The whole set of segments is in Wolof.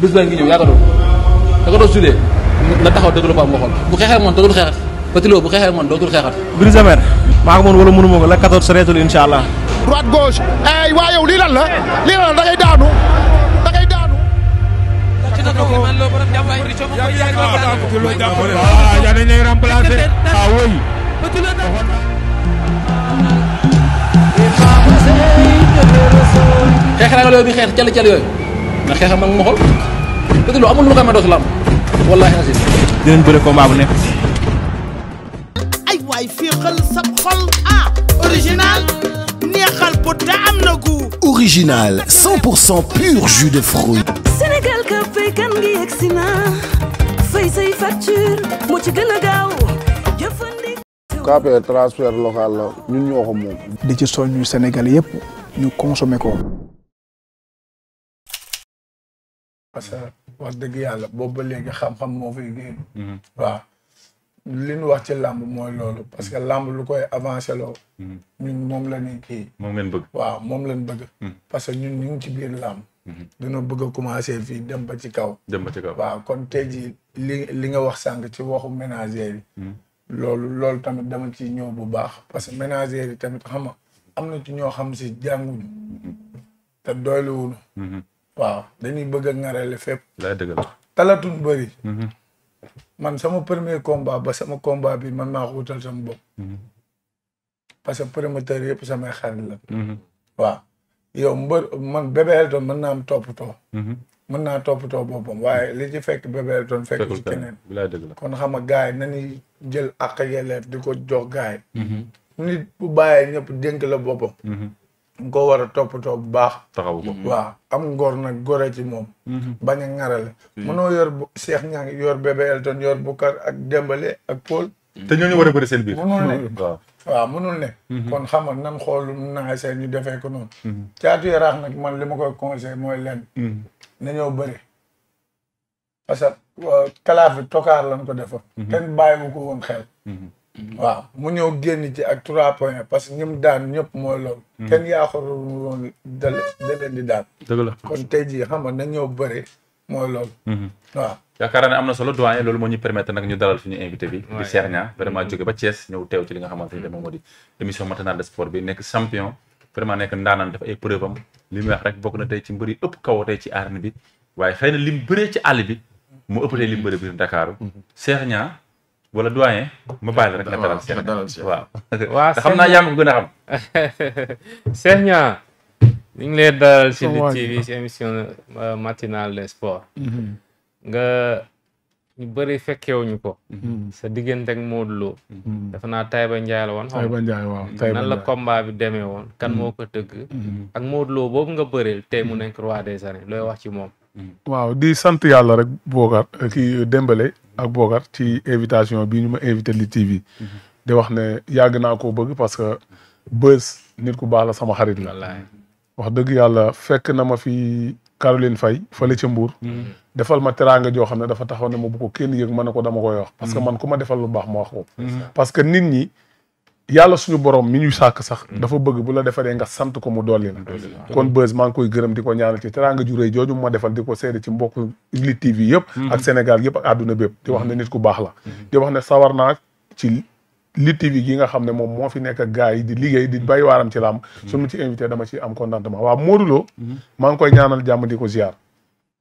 bis baa ngi ñëw yaakaaroo da na taxaw dëgg la ko am bu xeexee moom dootul xeexat Petit Lo bu xeexee moom dootul xeexat. Brise wala mënu ma ko la 14 reetul incha allah. droite gauche ay waa yow lii lan la lii daanu da daanu. waaw yal nañ lay te loolu amul lu ko amee dootul am wallaahi aziim. dinañ bëre combat bu neex. ay waay fii xel sa xol ah original neexal bu te am na gu. original 100 pour cent pur jus de fruits. Sénégal ka fay kan ngi yegg si naa fay say facture mu ci gën a gaaw. KAPA transfert local la ñun ñoo ko moom. di ci soññu Sénégal yëpp ñu consommer ko. wax dëgg yàlla boobu ba léegi xam-xam moo fay génn. Mm-hmm. waaw li ñu wax ci làmb mooy loolu parce que làmb lu koy avancé loo. Mm-hmm. ñun moom la ñuy kii. moom ngeen bëgg. waaw moom lañ bëgg. Mm-hmm. parce que ñun ñu ngi ci biir làmb. dañoo bëgg a commencé fii dem ba ci kaw. dem ba ci kaw waaw kon tey jii li li nga wax sànq ci waxu ménagères loolu loolu tamit dama ci ñëw bu baax parce que ménagères yi tamit xam nga am na ci ñoo xam si jànguñu. te doyluwuñu. waaw dañuy bëgg a ŋarale fépp. lay dëgg la talatun bëri. Mm-hmm. man sama premier combat ba sama combat bii man maa ko wutal sama bopp. Mm-hmm. parce que promoteur yëpp samay xarit la. Mm-hmm. waaw yow mbër man Bébé Elton mën naa am toppatoo. mën naa toppatoo boppam waaye li ci fekk Bébé Elton fekk ci keneen. lay dëgg la kon xam nga gars yi nañuy jël àq yelleef di ko jox gars nit bu bàyyee ñëpp dénk la boppam. nga ko war a toppatoo bu baax. taxawu ko mm-hmm. am ngoor nag gore ci moom. Mm-hmm. bañ a ŋarale. Mm-hmm. mënoo yor bu Cheikh Niang yor bébé Elton yor Boucar ak dembale ak Paul. te ñooñu war a bëri seen biir. mënul ne waaw waaw mënul ne. kon xam nga nan xool naa seen ñu defee ko noonu. caatu yaraax nag man li ma koy conseil mooy len nañoo bëri. parce que kalaaf bi tokaar lañ ko defar. kenn bàyyiwu ko woon xel. waaw mu ñëw génn ji ak trois points parce que ñim daan ñëpp mooy loolu. Hmm. kenn yaaxaru woon da leen di daan. dëgg la kon tey jii xam nga na ñëw bëri mooy loolu. Hmm. waaw. yaakaar naa ne am na solo doyen loolu moo ñu permettre nag ñu dalal suñu invité bi. di Cheikh Niang vraiment jóge ba Thiès ñëw teew ci li nga xamante ne moom moo di émission matinale de sport bi nekk champion. vraiment nekk ndaanaan dafa ay preuve am li wax rek bokk na tey ci mbëri ëpp kaw tey ci arène bi waaye xëy na lim bëree ci àll bi mu ëpp tey lim bëri biir Dakar. Cheikh hmm. wala doyen ma bàyyi la rek nga dalal seen waaw waaw xam naa yaa ma a xam Cheikh Niang ñu ngi lay dalal ci Lutte TV ci émission euh, matinale des sports mhm. nga ñu bëri fekkewuñu ko mhm. sa diggante ak Modou loo mhm. dafa naa Taïba Ndiaye la woon Taïba nan la combat bi demee woon kan moo ko tëgg ak mood loo boobu nga bëreel tey mu nekk roi des arènes looy wax ci moom waaw di sant yàlla rek boogar kii Dembélé ak Bogar ci invitation bi ñu ma invité li TV. di wax ne yàgg naa ko bëgg parce que bés nit ku baax la sama xarit la. wax dëgg yàlla fekk na ma fi Caroline Faye fële ca Mbour. Mm-hmm. defal ma teraanga joo xam ne dafa taxaw ne ma bu ko kenn yëg ma ne ko dama koy wax. parce que mm-hmm. man ku ma defal lu baax ma wax ko. Mm-hmm. parce que nit ñi. yàlla suñu borom mi ñu sàkk sax mm. dafa bëgg bu la defaree nga sant ko mu doole la kon Beuz maa ngi koy gërëm di ko ñaanal ci teraanga ju rëy jooju ma defal di ko seede ci mbokk li TV yëpp mm-hmm. ak Sénégal yëpp ak àdduna bépp di wax ne mm-hmm. nit ku baax la mm-hmm. di wax ne sawar naa ci li TV gi nga xam ne moom moo fi nekk ak gars yi di liggéey di bay waaram ci làmb su mu ci invité dama ci am contentement waa Modou Lo maa ngi koy ñaanal jàmm di ko ziar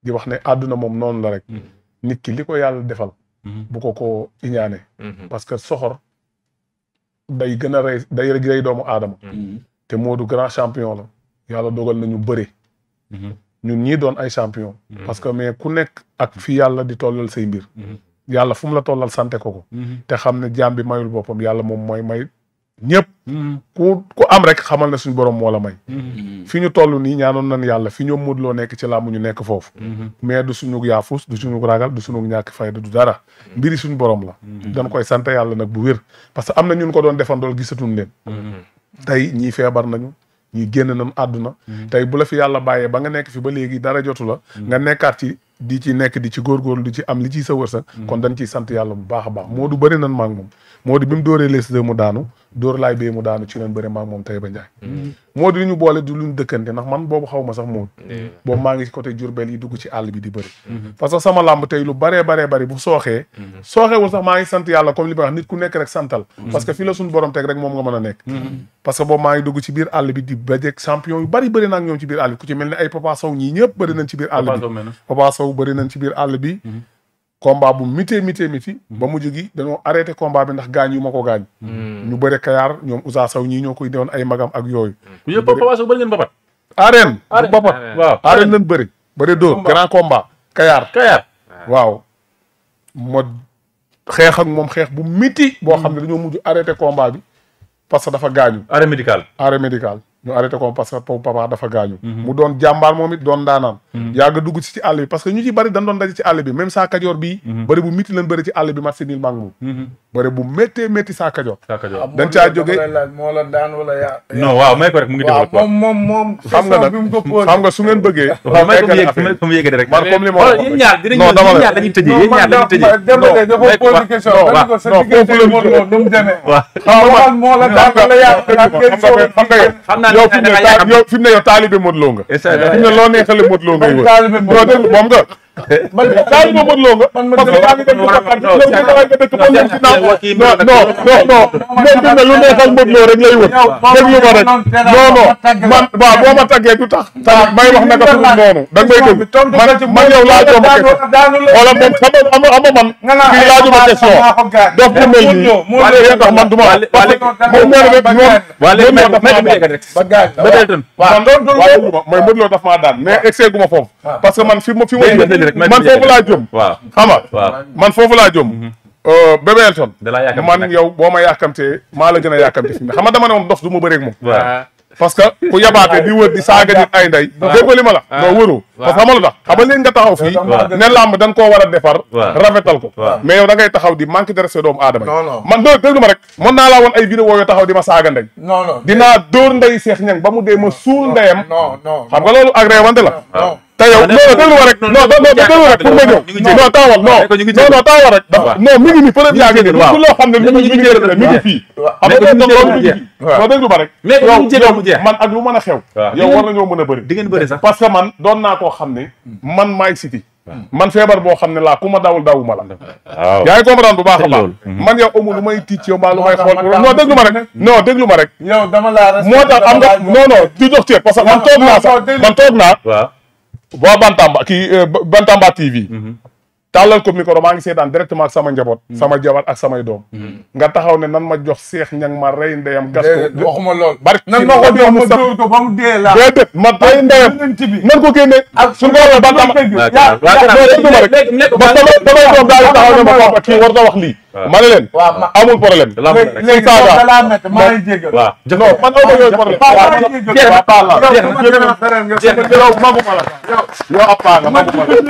di wax ne àdduna moom noonu la rek nit ki li ko yàlla defal bu ko ko iñaane day gën a rey day rey doomu aadama. Hmm. Hmm. te moodu grand champion la. yàlla dogal na ñu bëre. Hmm. ñun ñii doon ay champion. parce que mais ku nekk ak fi yàlla di tollal say mbir. yàlla fu mu la tollal sante ko ko. te xam ne jaam bi boppam yàlla moom mooy may ñëpp. Mm-hmm. ku am rek xamal na suñ borom moo la may. Mm-hmm. fi ñu toll nii ñaanoon nañ yàlla fi ñoom Modou Lo nekk ci làmb ñu nekk foofu. Mm-hmm. mais du suñu yaafus du suñu ragal du suñu ñàkk fayda du dara. mbiri suñu borom la. dañ koy sant yàlla nag bu wér parce que am na ñun ko doon defandool gisatuñ leen. tey ñii feebar nañu. ñi génn nañ àdduna. tey bu la fi yàlla bàyyee ba nga nekk fi ba léegi dara jotu la. nga nekkaat ci di ci nekk di ci góor góor di ci am li ciy sa wërsëg. kon dañ ciy sant yàlla bu baax a baax moo du bëri nan maa moom. moo di bi mu dóoree les deux mu daanu dóor laay bee mu daanu ci leen bëri maag moom Taïba Ndiaye moo di lu ñu boole du luñ dëkkante ndax man boobu xaw ma sax moom mm-hmm. boobu maa ngi ci côté Diourbel yi dugg ci àll bi di bëri mm-hmm. parce que sama làmb tey lu baree baree bëri bu sooxee mm-hmm. sooxeewul sax maa ngi sant yàlla comme li ma wax nit ku nekk rek santal parce que fi la suñu borom teg rek moom nga mën a nekk parce que boobu maa ngi dugg ci biir àll bi di bajek champion yu bëri bëri naag ñoom ci biir àll bi ku ci mel ne ay Papa ñii ñëpp bëri nañ ci biir àll bi Papa bi combat bu mitee mitee miti mm. ba mujj gi dañoo arrêté combat bi ndax gaañ yu ma ko gaañ. Mm. ñu bëre Kayar ñoom Ousa Sow ñii ñoo koy dewoon ay magam ak yooyu. ñu bëri yëpp bëri ngeen bapat. arène bu bapat bëri. bëri dóor grand combat Kayar. Kayar waaw. ma xeex moom xeex bu miti. boo xam ne dañoo mujj arrêté combat bi parce que dafa gaañu. arrêt médical. ñu arrêté ko parce que papa dafa gaañu mhm. mu doon jàmbaar moom it doon ndaanaan mhm. yàgg dugg ci ci àll bi parce que ñu ci bëri dañ doon daje ci àll bi même saa kajoor bii mhm. bëri bu métti lañ ci àll bi match nil maa ngi moom bëri bu méttee métti saa kajoor dañ caa ah, jóge moo la daan wala yaa non waaw may ko rek mu ngi développé moom moom moom xam nga nag xam nga su ngeen bëggee fa mu yëgee rek man comme li ma wax yéen ñaar dinañ waaw xam daan wala yaa yow fi ne yow fi mu ne yow taalibe Modou Lo nga. fi mu ne loo neexale Modou Lo ngay wër. moom nga man daal ma mën loo nga. man man dëgg yàlla dëgg yàlla dëgg yàlla dëgg yàlla dëgg yàlla dëgg yàlla non non non. moom dina lu neexal mën loo rek lay wër. déglu ma rek non non man waaw boo ma tàggee du tax. tamit may wax naka suñu noonu da ngay dégg man man yow laajoo ma question. wala moom xam nga xam man. fii laajuma question. dof bu mel nii man yéen tax man du ma. parce que moom moo rek moom. waaw léegi mais mais mais rek. ba gaañ waaw waaw waaw mooy mën loo daf maa daan mais excès gu ma foofu. parce que man fi ma fi ma rek man foofu laa jëm. waaw xam nga man foofu laa jëm. Bébé Elton. man yow boo ma yàkkamtee maa la gën a yàkkamte fi xam nga dama ne moom dof du ma bëreeg moom. Ah. parce que ku yabaate di wër di saaga nit ay ndey ah. dégg li ma la ah. noo wëroo parce que xamala tax xama leen nga taxaw fii ne làmb dañ koo war a defar rafetal ko mais yow da taxaw di manque de respect doomu aadama yi man doo déglu ma rek mën naa laa woon ay vidéo yoo taxaw di ma saaga ndey dinaa dóor ndey seex ñang ba mu dee ma suul ndeyam xam nga loolu agréé wante la te yow non déglu ma rek non déglu ma rek a xew yow war nañoo mën a bëri di que man doon naa koo xam ne hmm. man maay boo xam ne laa ku ma dawul dawuma la a baax hmm. man moo tax am nga non non jox cër parce man toog naa sax man toog naa waa Bantamba kii Bantamba TV. tàllal ko micro maa ngi seetaan directement ak sama njaboot. sama jabar ak samay doom. nga taxaw ne nan ma jox seex ñang ma rey ndeyam. gas ko waxuma lool bari nan ma ko jox ma dóor ko nan ko génne. ak suñu ko waxee Bantamba. waaw waaw waaw léegi léegi léegi léegi léegi léegi léegi léegi léegi ma ne leen. amul problème. léegi foofu da laa métti maa ngi jégal. waaw non man aw ma yooyu problème. waaw man jéem a paal la jéem a jéem a jéem a yow magu ma la. yow ab paal la magu ma la.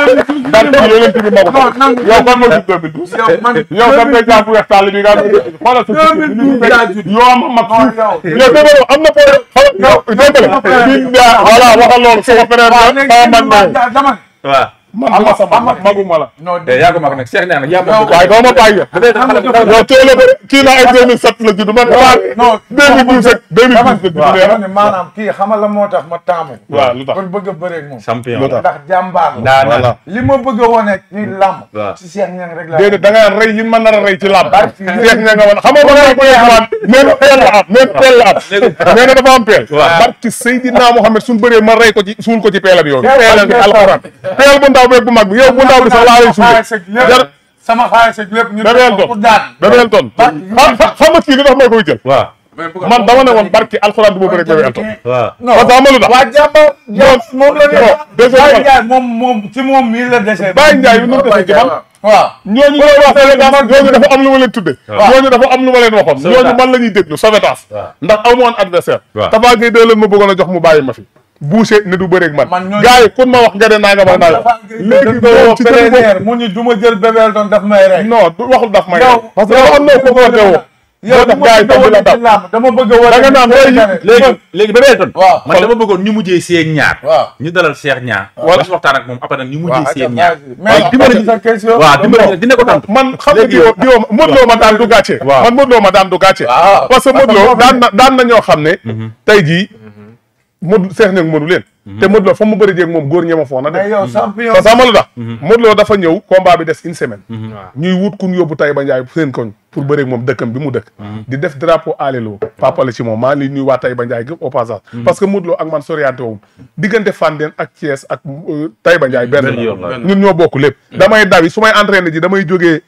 ndax kii yooyu yëpp magu ma la. yow ban ma jub 2012. yow man yow da ngay jàpp weex tàll bi nga xoolal sa jub yow am mag suuf. yow déggoo am na problème. yow déggoo voilà waxal loolu sama frère la. waaw man waaw. man ma. waaye doo ma bàyyi. non teel a ba kii la ay 2007 la judd man. non 2017 2017. waaw dama ne maanaam kii xamal la moo ma taamu. waaw lu tax a bëreeg moom. ma bëgg a wane ci làmb. waaw ci Cheikh a rey ci làmb. Cheikh Niang nga wan bëree ma rey ko ci suul ko ci peelam yoon. peelam bi alxuraan peel bu ndaw beeg bu mag bi yow bu ndaw bi sax laa li tax may koy woon barki alxuraan du ma bëri Bébé Elton. moom la ci moom mii la dese. Baye Ndiaye bi nu mu dese ci man. waaw wax ñooñu am lu ma leen tudde ñooñu am lu waxoon ñooñu man la ñuy déglu Sowetaas ndax aw ma woon adversaire Tapha Gueye dee jox mu bàyyi ma fi buuse ne du bëreeg man. man ñooñu gars yi fu ma wax nga ne naa nga ma naa. léegi doo ci jël mu ñu du ma jël bébël doon daf may rek. non du waxul daf may rek. parce que yow am na ko ko teewoo. yow daf gars yi tamit la daf dama bëgg a da nga naan léegi léegi léegi bébël doon. waaw man dama bëggoon ñu mujjee seen ñaar. waaw ñu dalal Cheikh ñaar. wala ñu waxtaan ak moom après nag ñu mujjee seen ñaar. waaw dimbali waaw dimbali dina ko tontu. man xam nga diwo diwo Modou Lo ma daan du gàcce. waaw man Modou Lo ma daan du gàcce. parce que Modou Lo daan na daan na ñoo xam ne mhm. tey jii Modou Seex Ñaŋ Modou leen mhm. te Modou Lo fa mu bëri jéeg moom góor ñema foo na def mhm. parce mhm. dafa ñëw combat bi des une semaine ñuy wut kun yóbbu tay ba Njaay seen koñ pour bëreeg moom dëkkam bi mu dëkk di def drapeau alelo papa la ci moom maa ngi nuyu waa tay ba Njaay gëpp au parce que Modou Lo ak man soriante woon diggante Fandène ak Thiès ak euh, tay ba Njaay benn ñun ñoo bokk lépp damay daw yi su may entraîné ji damay jógee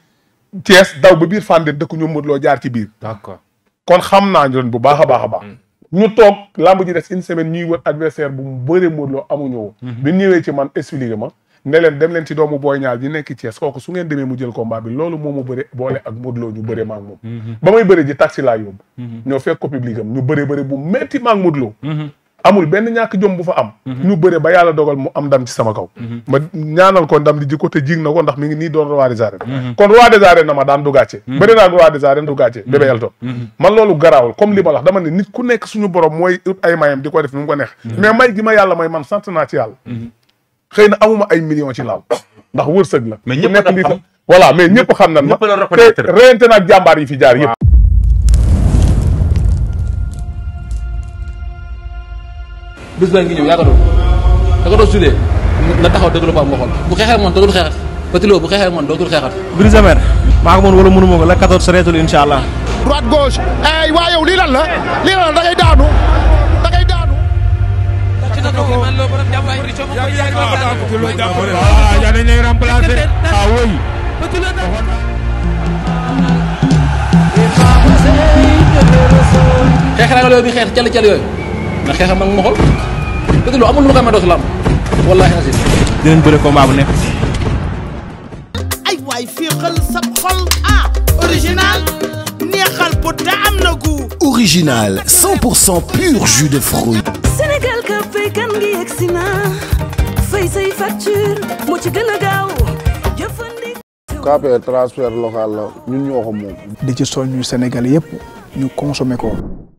Thiès daw ba biir Fandène dëkk ñoom Modou Lo jaar ci biir d'accord kon xam naa ñoon bu baax a baax a ñu toog làmb ji des une semaine ñuy wër adversaire bu mu bëree Modou Lo amuñu woo. Mhm. bi ñëwee ci man expliqué ma. ne dem leen ci doomu Boy Niang ji nekk Thiès kooku su ngeen demee mu jël combat bi loolu moo mu bëre boole ak Modou Lo ñu bëre ma ak mhm. ba may bëre ji taxi laa yóbbu. Mhm. ñoo fekk ko public am ñu bëre bëre bu métti ma ak Modou Lo. amul benn ñàkk jom bu fa am mhm. ñu bëre ba yàlla dogal mu am ndam ci sama kaw mhm. ma ñaanal ko ndam di ji te jig na ko ndax mi ngi nii doon roi des arènes mhm. kon roi des arènes na ma daan du gàcce bëri naa roi des arènes du gàcce nit ku nekk suñu borom mooy ut ay mayam di ko def nu ko neex mais may gi ma yàlla may man sant naa ci yàlla xëy na amuma ay million ci laaw ndax wërsëg la mais ñëpp xam voilà mais ñëpp xam nan ma te reyante naag jàmbaar yi fi jaar yëpp bis ba ñëw yaakaarul da ko doon suulee na taxaw dëgg lu ko am bu xeexee moom dootul xeexat Petit Lo bu xeexee moom dootul xeexat. Brise de Mer maa ko mën wala mënu ma ko la 14 sereetul incha allah. droite gauche ay waa yow lii lan la lii bi xeex cal cal yooyu. na xeexam nag ma xool dëgg lu amul lu koy ma dootul am wallaahi asim dinañ bëre combat bu nekk ay waay féexal sab xol ah original neexal bu te am na original pur jus de fruits Sénégal ka fay kan ngi yegsi na fay say facture moo ci gën a gaaw KPR transfert local la ñun moom. di ci soññu Sénégal yëpp ñu consommer ko.